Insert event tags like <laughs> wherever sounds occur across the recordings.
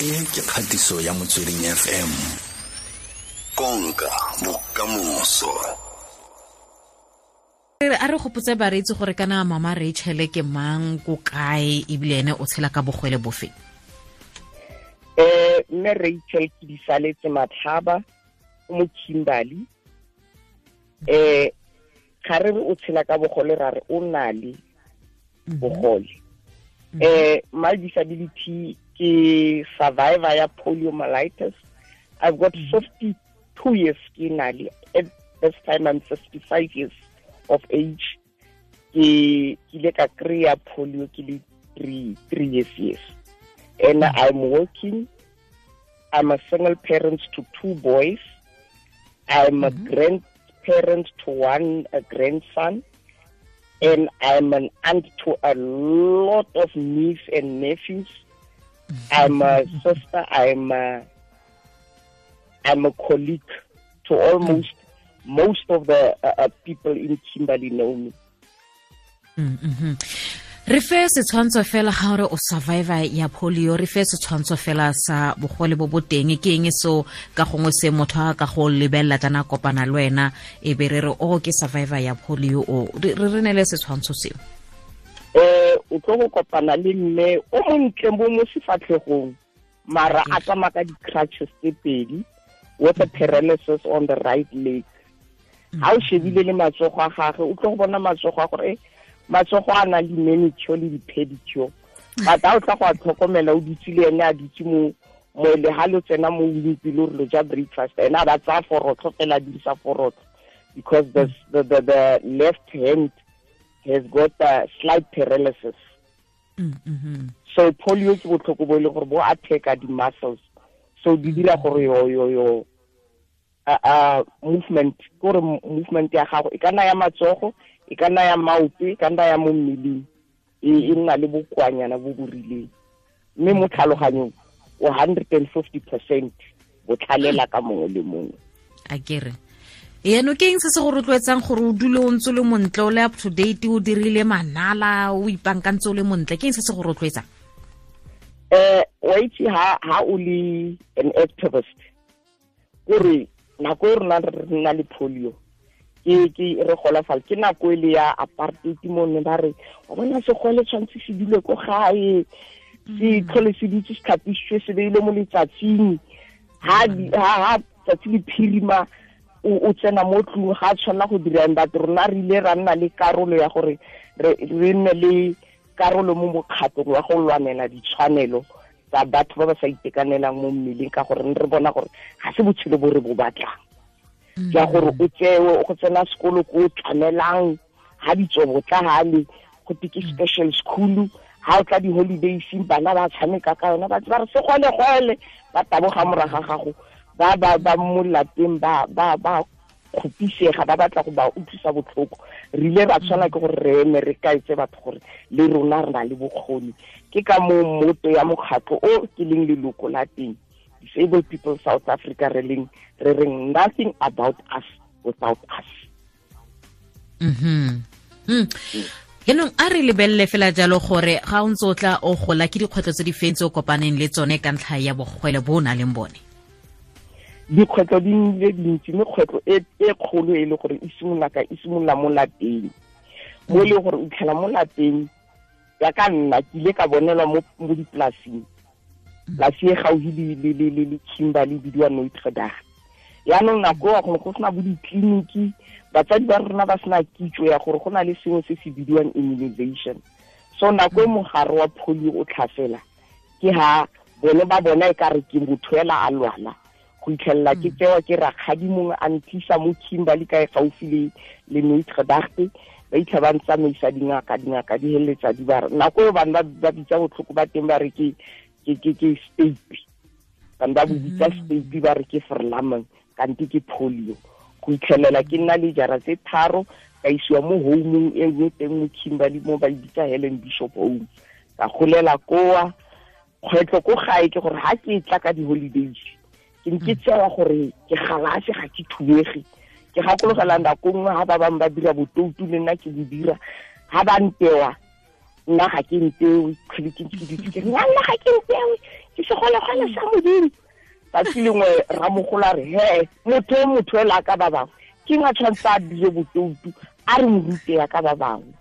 e ke kgatiso ya motsweding fm konka bokamoso a re gopotse bareetsi gore kana mama rachel ke mang ko kae ebile ene o tshela ka bogwele bofeng um eh, mme rachel ke disaletse mathaba o mo kimberly um eh, ga re re o tshela ka bogole ra re o na le bogole um mhm. eh, my disability ke survivor ya poliomyelitis i've got mm. 52 years ke na le at this time i'm 55 years of age ke ile ka kry-a polio ke le three three years years and mm. i'm working i'm a single parent to two boys i'm a mm grandparent to one a grandson and i'm an aunt to a lot of nieces and nephews I'm a sister, I'm a, I'm a colleague to almost most of the uh, uh people in Kimberley know me. Mm -hmm. re fe setshwantsho fela ga ore o survivor ya polio re fe setshwantsho fela sa bogole bo boteng ke eng so ka gongwe se motho a ka go lebelela jana kopana le wena e be re re o oh, ke survivor ya polio o re re ne le setshwantsho seo o tlo go kopana le mme o montle mo mo sefatlhegong mara a tsamaya ka di-crutches tse pedi with a paralysis on the right leg ha o mm. shebile le matsogo a gagwe o tlo go bona matsogo a gore eh, matsogo a na le manicure le di-pedicure mm. but ha o tla go a tlhokomela o dutse le ene a dutse mo mo le lo tsena mo wimpi lo re lo ja breakfast ene a ba tsaya forotlho fela a dirisa forotlho because the, the, the, the left hand has got a slight paralysis mm -hmm. so polio ke botlhoko bo e leng gore bo attack di-muscles so di mm-hmm. dira gore yo yo yo a movement gore movement ya gago e ka nna ya matsogo e ka nna ya maoto e ka nna ya mo mmeleng e, e nna le bokwanyana bo bo rileng mme mo tlhaloganyong o 150 percent botlhalela ka mongwe le mongwe a kere eno ke eng se se go rotloetsang gore o dule o ntse le montle o le up to date o dirile manala o ipankantse o le montle ke eng se se go rotloetsang um wa itse ha o le an activist kore nako e rona re nna le polio ke ke re golafala ke nako e le ya apartheid mo ne ba re o bona segole tshwantse se dule ko gae se mm. tlhole se dutse se tlhapisitswe se beile mo letsatsing ha tsatsi le phirima o tsena mo tlung ga tshwana go dirang but rona re ile ra nna le karolo ya gore re nne le karolo mo mokgatong wa go lwanela ditshwanelo tsa batho ba ba sa itekanelang mo mmeleng ka gore re bona gore ga se botshelo bo re bo batlang jwa mm. gore o tsewe go tsena sekolo ko o tlamelang ga ditsobotlaale go teke mm. special school ha o tla di-holidaysing bana ba tshameka ka yona batse ba re se gole gwele ba taboga moraga gago ba ba ba mmola teng ba ba ba kgopisega ba batla go ba utlwisa botlhoko re ile ra tshwana ke gore re eme re kaetse batho gore le rona re na le bokgoni ke ka mo moto ya mokgatlo o ke leng leloko la teng disabled people south africa re leng re reng nothing about us without us mhm mm yaanong a re lebelele fela jalo gore ga o ntse o tla o gola ke dikgwetlho tse di feng o kopaneng le tsone ka ntlha ya bogwele bo o nang leng bone dikgwetlho di nnile dintsi mme kgwetlho e, e kgolo e le gore e simolola ka e simolola mo lapeng mo e le gore o tlhela mo lapeng ya ka nna ke ile ka bonelwa mo mo dipolaseng polasi e gaufi le kimba le bidiwa noitredag yaanong nako wa gone go sena bo ditleliniki batsadi ba rona ba sena kitso ya gore go na le sengwe se se bidiwang immunization so nako e mogare wa polio o tlhasela ke ha bone ba bona e ka re ke motho ela a lwala go itlhelela ke mm. tsewa ke rakgadi mongwe a nthisa mo kimberley ka e gaufi le le notre darte ba itlha ba ntsamaisa dingaka dingaka di heleletsa di ba nako eo bane ba bitsa botlhoko ba teng ba re ke stape bana ba bitsa mm. stape ba re ke verlammen kanti ke polio go itlhelela ke nna le jara tse tharo ka isiwa mo homeng e e teng mo kimberley mo ba e bitsa helen bishop home ka golela koa kgwetlho ko gae ke gore ga ke tla ka di-holidays ke nke tsewa gore ke galase ga ke thubege ke gakologela nako e nngwe ga ba bangwe ba dira botoutu le nna ke bo dira ga ba ntewa nna ga ke ntewe tlhole ke ntse ditsike nna nna ga ke ntewe ke segologole sa modimo tsatsi lengwe ramogola re he motho e motho e a ka ba bangwe ke nga tshwanetse a dire botoutu a re morute ya ka ba bangwe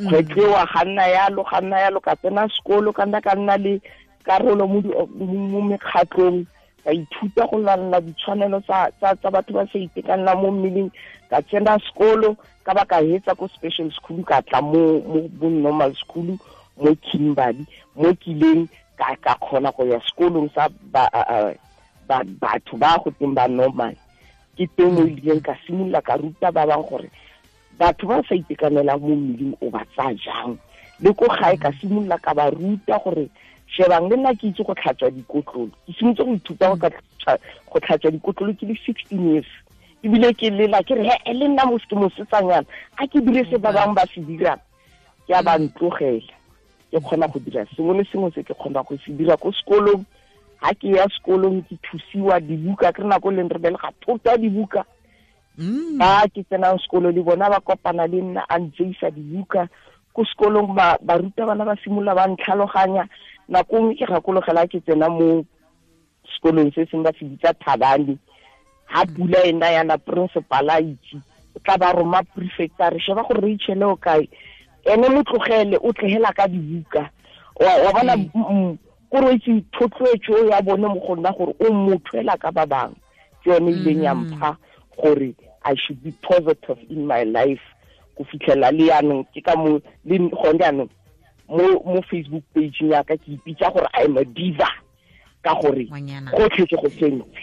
mm. kgwetlewa ga nna yalo ga nna yalo ka tsena sekolo ka nna ka nna le karolo mo mekgatlhong ka ithuta go lwanela ditshwanelo tsa batho ba sa itekanela mo mmeleng ka tsena sekolo ka ba ka hetsa ko special school ka tla mo bo normal school mo kimberley mo kileng ka ka khona go ya sekolong sa ba batho ba go teng ba normal ke teng o mm. ileng ka simolola ka ruta ba bang gore batho ba sa itekanelang mo mmeleng o ba tsaya jang le ko gae ka simolola ka ba ruta gore mm shebang le nna ke itse go tlhatswa dikotlolo ke simotse go ithuta go tlhatswa dikotlolo ke le sixteen years ebile ke lela ke re e le nna ke mosetsanyana a ke dire se ba bangwe ba se dirang ke a ba ntlogela ke kgona go dira sengwe le sengwe se ke kgona go se dira ko sekolong ga ke ya sekolong ke thusiwa dibuka ke re nako e leng re be le ga thota dibuka mm. ba ke tsenang sekolo le bona ba kopana le nna a ntseisa dibuka ko sekolong barutabana ba simolola ba ntlhaloganya nako e nngwe ke gakologela ke tsena mo sekolong se seng ba se bitsa thabane ha pula ena yana principal a itse o tla ba roma prefect a re sheba gore re itšhele o kae ene mo tlogele o tlogela ka dibuka wa bona mm. kore itse thotloetso ya bone mo go nna gore o motho ka ba bangwe ke yone e ileng yampha mm. gore i should be positive in my life go fitlhela le yaanong ke ka mo le gone jaanong mo mo facebook page ya ka ke ipitsa gore i am a diva ka gore go tlhetse go sentse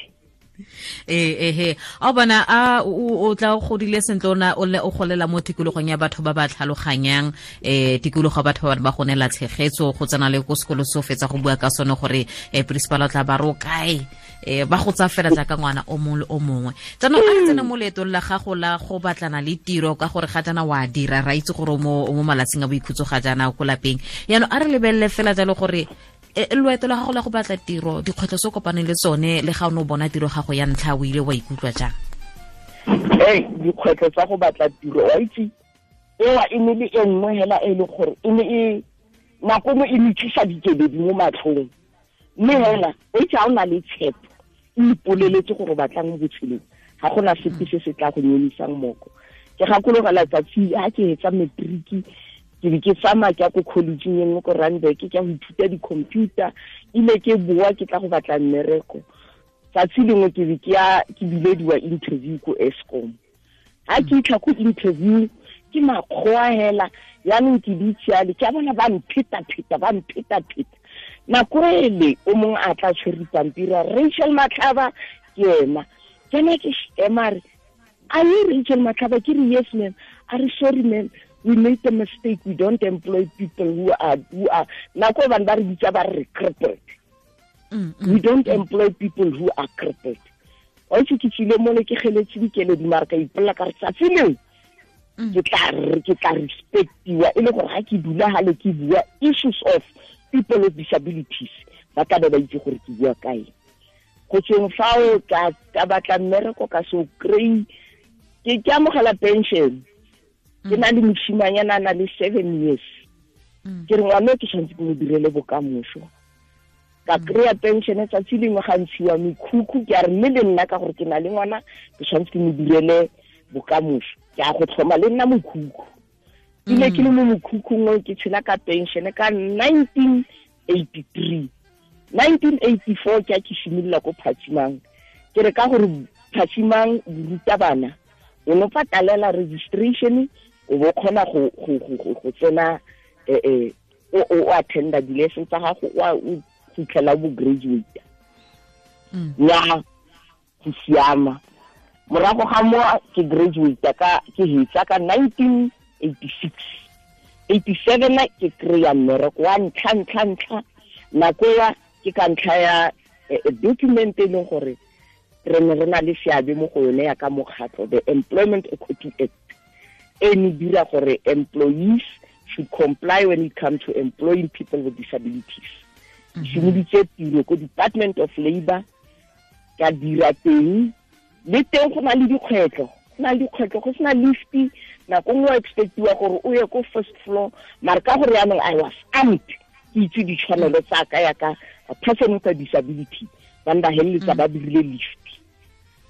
ee ehe a bona a o tla godile sentle ona o le o golela mo tikologong ya batho ba ba tlhaloganyang um tikologo batho ba ba gonela tshegetso go tsena le ko sekolo se o fetsa go bua ka sone gore um principal o tla ba ro kae um ba go tsa fela jaaka ngwana o mongwe le o mongwe jaanong a tsena mo leetong la gago la go batlana le tiro ka gore ga jana wa dira ra itse gore o mo malatsing a boikhutso ga jaana ko lapeng yaanong a re lebelele fela jalo gore Eh, loeto la gago la go batla tiro dikgwetlho se kopaneng le tsone le ga o ne o bona tiro gago ya ntlha o ile wa ikutlwa jang ee dikgwetlho tsa go batla tiro wa itse ewa e ne le e nngwe fela e le gore e ne e nako ngwe e, e letsisa dikebedi mo matlhong mme fela o itse ga o na le tshepo o ipoleletse gore o batlang mo botshelong ga gona sepe se se tla go nyemisang moko ke gakologela tsatsi a ke etsa matriki ke be ke fama ke ya ko collegeng e nngwe ko runberg ke ya go ithuta di-computer ile ke boa ke tla go batla mmereko tsatsi lengwe ke be ke bilediwa interview ko escom ha ke itlha ko interview ke makgoa hela yaanong ke ditsiale ke a bona ba mpheta-pheta ba mpheta-pheta nako ele o mongwe a tla tshwere pampira rachel matlhaba ke ena ke ne ke ema re a ye rachel matlhaba ke re yes ma'am a re sorry ma'am we make a mistake we don't employ people who are who are nako bane ba re vitsa ba ri crippled mm, mm, we don't mm. employ people who are crippled wa itse ke tsile mole ke geletse dikeledi mare ka ipolola ka re tsatsi leo ke tla ke tla respectiwa e le gore ga ke dula ga le ke bua issues of people with disabilities ba tlabe ba itse gore ke bua kae go tsweng fao ka batla mmereko ka seo kry ke amogela pension ke na le moshimanyana na le seven years mm. ke re ngwana ke tshwanetse ke mo direle bokamoso ka mm. kry-a penšene tsatsi lengwe gantshiwa mekhukhu ke a re mme le nna ka gore ke na le ngwana ke tshwanetse ke mo direle bokamoso ke a go tlhoma le nna mokhukhu ile mm. ke le mo mokhukhung o ke tshela ka penšene ka nineteen eighty three nineteen eighty four ke a ke simolola ko phatsimang ke re ka gore phatsimang borutabana o ne patalela registration o bo kgona go go tsena eh eh o attenda di lessons tsa gago wa o fitlhela bo graduate mm. ya go siama morago ga mo ke graduate ka ke hitsa ka 1986 87 ke kry-a mmereko wa ntlha ntlha ntlha nako ya ke ka ntlha ya e, e document e leng gore re ne re na le seabe mo go yone ya ka mokgatlho the employment equity act eno dira gore employees should comply when it comes to employing people with disabilities šomoditse mhm. tiro ko department of labor ka dira teng le teng go na le dikgwetlho go na le dikgwetlho go sena lifty nako nngwe expectiwa gore o ye ko first floor mare ka gore yaanong i was amped ke itse ditshwanelo tsa ka yaka a person with a disability ba nda feleletsa mm. ba dirile lift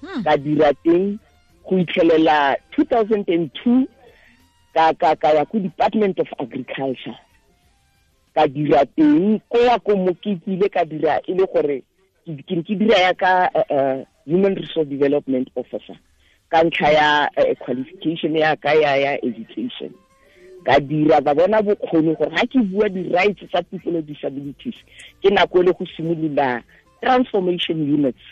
mm. ka dira teng go itlhelela 2002 ka ka ka ya ko department of agriculture ka dira teng ko ya ko mo ke ile ka dira e le gore ke ke dira ya ka eh, eh, human resource development officer ka ntlha ya eh, qualification ya ka ya ya education ka dira ba bona bokgoni gore ga ke bua di-rights tsa people of disabilities ke nako e le go simolola transformation units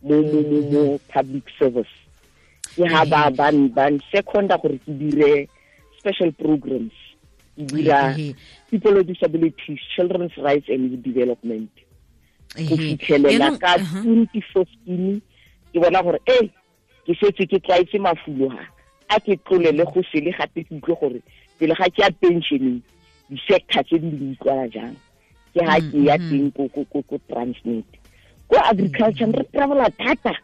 mo mo mo mo public service ke ha ba ban ban seconda gore ke dire special programs dira people with disabilities children's rights and youth development go fitlhelela ka twenty fifteen ke bona gore e ke setse ke tlwaetse mafuloga a ke tlolele go sele gape ke utlwe gore pele ga ke ya pensioneng di-sector tse di di utlwala jang ke ga ke ya mm-hmm. teng ko transnet ko agriculture mm-hmm. re travela thata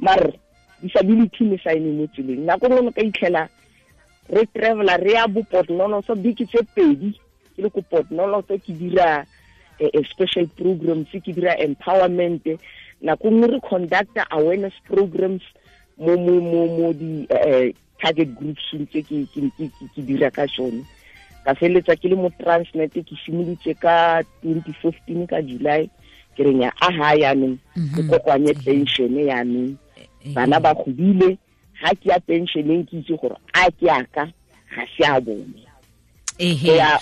mare disability le saene mo tseleng nako e ngwe ka itlhela re travela re ya bo so biki tse pedi ke le ko so ke dira eh, eh, special se ke dira empowerment nako e nngwe re conducta awareness programs mo mo mo mo di eh, target groups tse ke ke ke dira ka tsone ka feletsa ke le mo transnet ke simolotse ka 2015 ka july ke reng ya aha yanong mhm. ke kokoanye pensione yanong bana ba godile ga ke ya pensioneng ke itse gore a ke aka ga se a bone go e- ya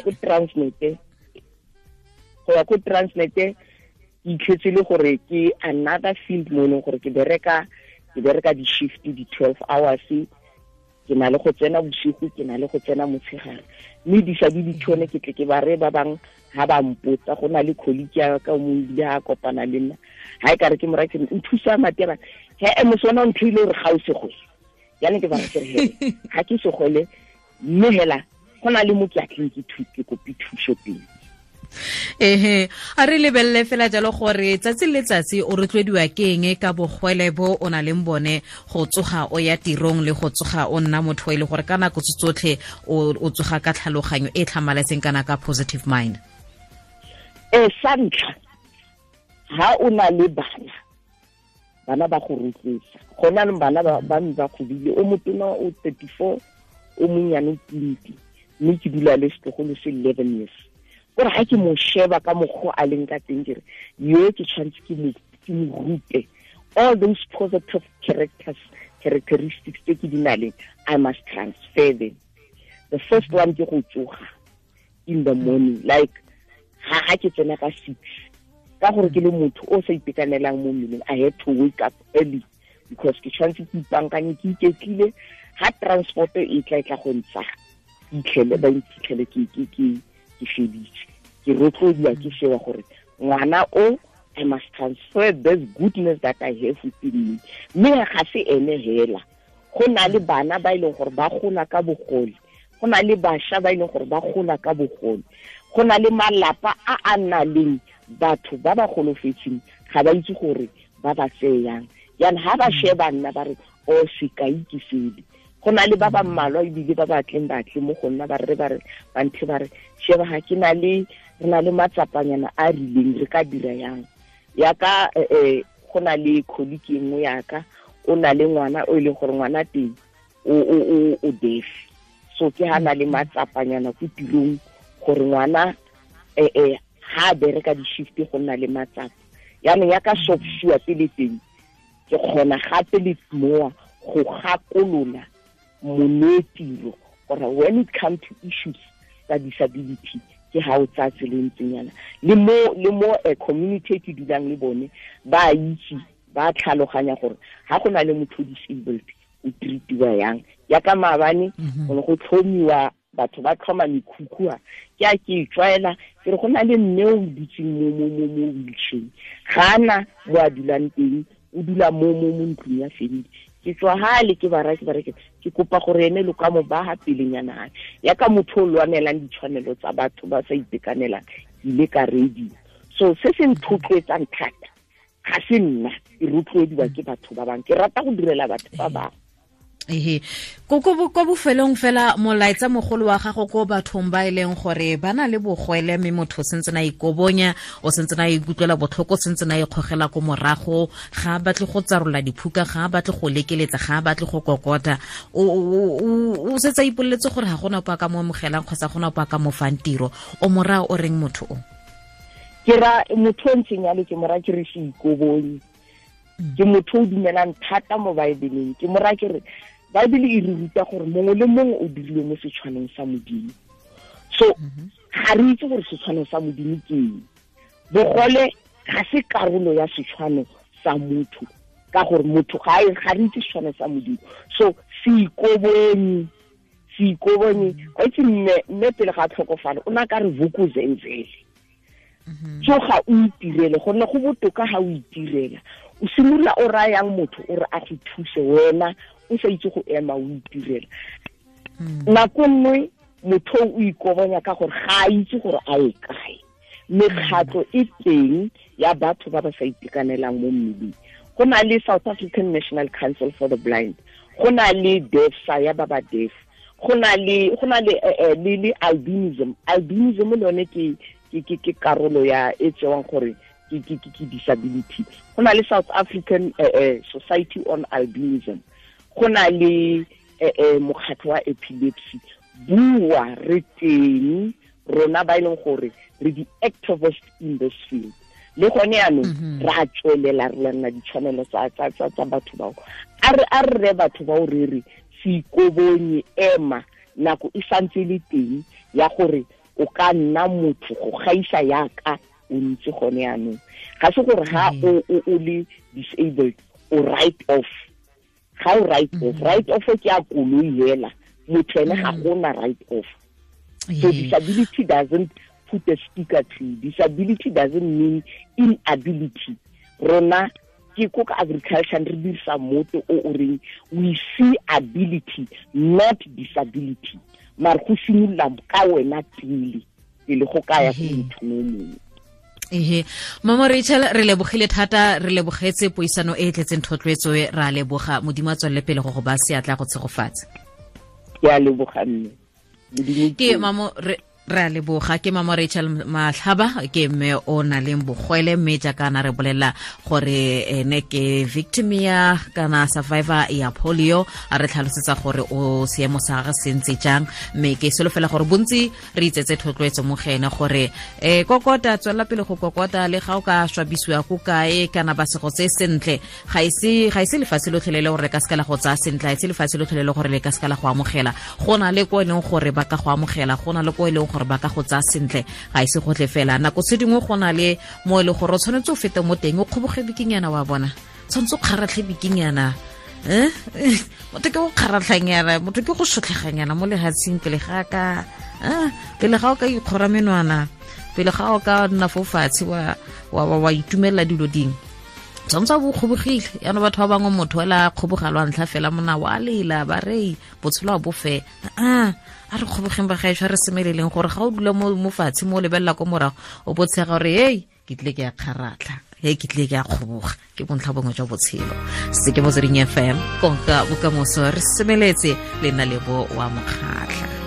ko transnete ke itlhetse le gore ke another field mo e leng gore ke bereka ke bereka di-shift di-twelve hours ke na le go tsena bosigo ke na le go tsena motshegare mme di sa di ditshone ke tle ke ba re ba bang ha ba mpotsa go na le colleague ya ka mo ile a kopana le nna ha e ka re ke mo ra ke nthusa matera he e mo sona ntho ile re ga o se go ya ke ba re he <laughs> ha ke se gole mme hela go na le mo ke a tleng ke thuti ke kopi thuso pele ehe a re lebelele fela jalo gore tsatsi le letsatsi o rotlwediwa ke eng ka bogwele bo o na leng bone go tsoga o ya tirong le go tsoga o nna motho e le gore ka nako tse tsotlhe o tsoga ka tlhaloganyo e tlhamaletseng kana ka positive mind e sa ntlha ha o na le bana bana ba go rotloetsa gona anong bana ba ntse ba kgobile o motona o 34 o monyane o twenty mme ke dula le setlogolo se eleven years gore ga ke mo sheba ka mokgwa a leng ka teng kere yo ke tshwanetse ke mo rute all those positive characters characteristics tse ke di na leng i must transfer them the first one ke go tsoga in the morning like ga ga ke tsena ka six ka gore ke le motho o sa itekanelang mo mmeleng i had to wake up early because ke tshwanetse ke ipankanye ke iketlile ga transport e tla e tla go ntsha itlhele ba ntsitlhele ke ke feditse ke rotloediwa ke sheba gore ngwana o i must transfer this goodness that i have within me mme ga se ene fela go na le bana ba e leng gore ba gola ka bogole go na le bašwa ba e leng gore ba gola ka bogole go na le malapa a a na leng batho ba ba golofetseng ga ba itse gore ba ba tseyang jaanong ga ba sheba nna ba re o oh, sekai ke sele go na le ba ba mmalwa ebile ba batleng batle mo go nna ba re ba re banthe ba re sheba ga ke na le re na le matsapanyana a rileng re ka dira yang yaka um go na le kholiki nngwe yaka o na le ngwana o e leng gore ngwana teng o defe so ke ha na le mm-hmm. matsapanyana ko tirong gore ngwana um ha a bereka di-shift go nna le matsapa yaanong yaka mm-hmm. shopsua pele teng ke kgona gape le moa go gakolola monetiro gore when it come to issues tsa disability ke ga o tsaya tseleng tsenyana le mo a eh, community ke dulang le bone ba itse ba tlhaloganya gore ga go na le motho disabled o treatiwa yang ya ka maabane gone mhm. go tlhomiwa batho ba tlhoma mekhukhua ke a ke e tswaela ke re go na le nne o ditseng mo mo mo mo wheelchair ga ana bo a dulang teng o dula mo mo mo ntlong ya family ke tswa hale ke bara ke bare ke kopa gore ene le ka mo ba ha pelenyana ya ka motho o lwanelang ditshwanelo tsa batho ba sa itekanelang ile ka radio so se se nthotloetsang thata ga se nna ke rotloediwa ke batho ba bangwe ke rata go direla batho ba bangwe ehe ko bofelong fela molaetsa mogolo wa gago ko bathong ba e leng gore ba na le bogwele mme motho o sentse na ikobonya o sentse na ikutlwela botlhoko o sentse na ikgogela ko morago ga a batle go tsarola diphuka ga a batle go lekeletsa ga a batle go kokota o setse a ipoleletse gore ga gona pa ka mo amogelang kgotsa gona pa ka mo fang tiro o moraya o reng motho o ke ra motho o ntseng yalo ke mora ke re se ikobonye ke motho o dumelang thata mo baebeleng ke mora ke baebele e re ruta gore mongwe le mongwe o dirilwe mo setshwaneng sa modimo so mhm. ga re itse gore setshwano sa modimo ke bogole ga se karolo ya setshwano sa motho ka gore motho ga e, ga re itse setshwano sa modimo so se ikobonye se mhm. itse mme mme pele ga tlhokofale o na ka re vukuzentsele mhm. so ga o itirele gonne go botoka ga o itirela o simolola o rayang motho o re a re thuse wena o sa itse go ema o itirela hmm. nako e nngwe motho o ikobonya ka gore ga a itse gore a e kae mekgatlo e teng ya batho ba ba sa itekanelang mo mmeleng go na le south african national council for the blind go na le defsa ya ba ba def go na le go na eh, eh, le le albinism albinism le yone ke ke ke karolo ya e tsewang gore ke disability go na le south african uh, uh, society on albinism go na le uh, eh, uh, mokgatlho wa epilepsy bua re teng rona ba e leng gore re di-activist in this field le gone yanong mhm. re a tswelela re lanna ditshwanelo tsa batho bao a re re batho bao re re se ema nako e santse le teng ya gore o ka nna motho go gaisa yaka o ntse gone yaanong ga se gore ga o mm-hmm. le disabled o right off ga o right off mm-hmm. right off ke a koloi hela motho ene ga mm-hmm. gona right off so disability doesn't put a sticker to disability doesn't mean inability rona ke ko ka agriculture re dirisa moto o o reng we see ability not disability mare go simolola ka wena pele pele go kaya go motho o mongwe ehe mama rachel re lebogile thata re lebogetse poisano e e tletseng thotloetso e, ra leboga modimo a tswalele pele go go ba seatla go tshegofatsa ke a leboga ke mamo re re a leboga ke mamo rachel matlhaba ke mme o na leng bogwele mme jaakana re bolela gore ene eh, ke victim ya kana survivor ya polio a re tlhalosetsa gore o seemo sa gage se jang mme ke selo fela gore bontsi re itsetse thotloetso mo gene gore um kokota tswelela pele go kokota le ga o ka swabisiwa ko kae kana basego tse sentle ga ise e e lefatshe lotlhe le le gore le ka seka la go tsaya sentle ga ise e lefatshe lotlhe le le gore le ka seka la go amogela go na le ko e leng gore ba ka go amogela go na le ko e leng gore ba ka go tsaya sentle ga ise e gotlhe fela nako tse dingwe go na le mo e le gore o tshwanetse o fete mo teng o kgoboge bikingyana wa bona tshwanetse o kgaratlhe um motho ke go kgaratlhanyana motho ke go sotlheganyana mo lehatsheng pele ga ka eh? pele ga o ka ikgora menwana pele ga o ka nna fo wa itumelela dilo dingwe tshwanetse bo kgobogile yaanong batho ba bangwe motho ela kgobogalwa ntlha fela mona wa lela ba rei botshelo a bofela a a re kgobogeng ba gaešwa re semeleleng gore ga o dula mo fatshe mo o lebelela ko morago o botshega gore ei ke tlile ke ya kgaratlha e ke tlile ke a kgoboga ke bontlha bongwe jwa botshelo se ke motsweding fm konka bokamoso re semeletse le nna lebo wa mokgatlha